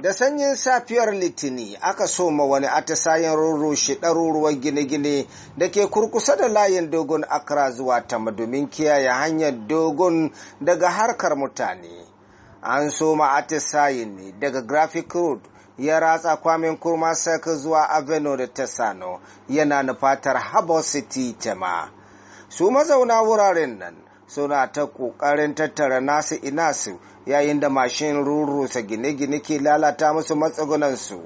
da sanyin safiyar litini aka soma wani atisayen rurrushe ɗaruruwan gine-gine da ke kurkusa da layin dogon akra zuwa tama domin kiyaye hanyar dogon daga harkar mutane an soma atisayen ne daga graphic road ya ratsa kwamin kurma saka zuwa aveno da tesano yana nufatar harbor city tema su mazauna wuraren nan suna ta ƙoƙarin tattara nasu inasu yayin da mashin rurrusa gine-gine ke lalata musu matsugunansu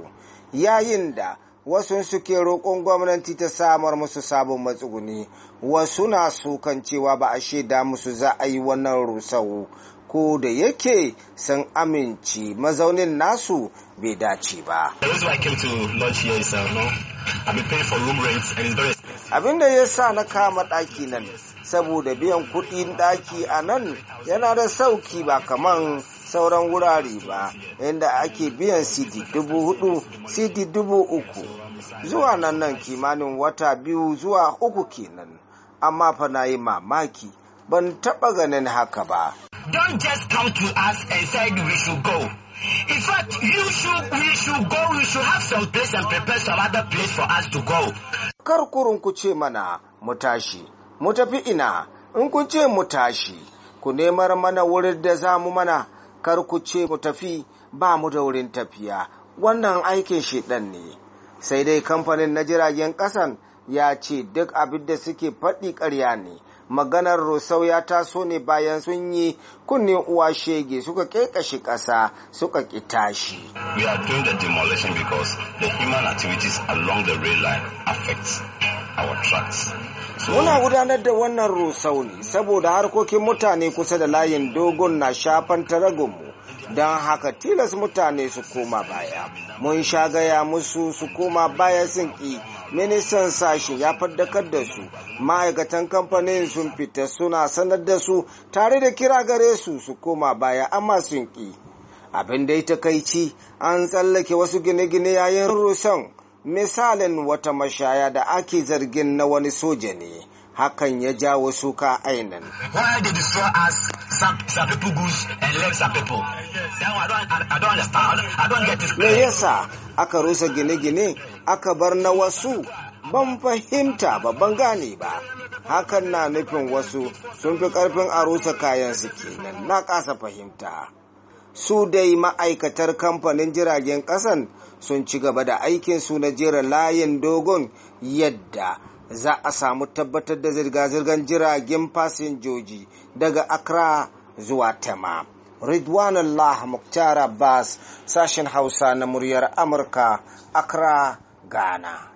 yayin da wasu suke roƙon gwamnati ta samar musu sabon matsuguni wasu na sukan cewa ba a shaida musu za a yi wannan rusau ko da yake sun amince mazaunin nasu bai dace ba. Uh, Abin da ya sa na kama ɗaki nan saboda biyan kuɗin ɗaki a nan yana da sauki ba kaman sauran wurare ba inda ake biyan cd dubu hudu cd dubu uku zuwa nan nan kimanin wata biyu zuwa uku kenan amma fa na yi mamaki ban taɓa ganin haka ba Don't just come to us and say we should go. In fact, you should, we should go, we should have some place and prepare some other place for us to go. Kar kurun ku ce mana mu tashi, mu tafi ina in kun ce mu tashi ku nemar mana wurin da za mu mana kar ku ce mu tafi ba mu da wurin tafiya wannan aikin shiɗan ne sai dai kamfanin na jiragen ƙasan ya ce duk abin da suke faɗi ƙarya ne maganar rosau ya taso ne bayan sun yi kunne uwa shege suka kekashi ƙasa suka ƙi tashi. We are doing the demolition because the human activities along the rail line affects Muna gudanar da wannan ne saboda harkokin mutane kusa da layin dogon na shafan taragonmu don haka tilas mutane su koma baya. Mun sha gaya musu su koma baya sun ƙi, ministan sashi ya faddakar da su, ma'aikatan kamfanin sun fita suna sanar da su tare da kira gare su su koma baya amma sun ƙi. Abin dai takaici an tsallake wasu gine-gine yayin rusan. misalin wata mashaya da ake zargin na wani soja ne hakan ya jawo suka ainin. Me yasa aka rusa gine-gine aka bar na wasu ban fahimta ba ban gane ba hakan na nufin wasu sun fi karfin a rusa kayan su kenan na kasa fahimta. su dai ma'aikatar kamfanin jiragen ƙasan sun ci gaba da aikinsu na jera layin dogon yadda za a samu tabbatar da zirga-zirgar jiragen fasinjoji daga accra zuwa tema ridwan allah muktar abbas sashen hausa na muryar amurka accra gana.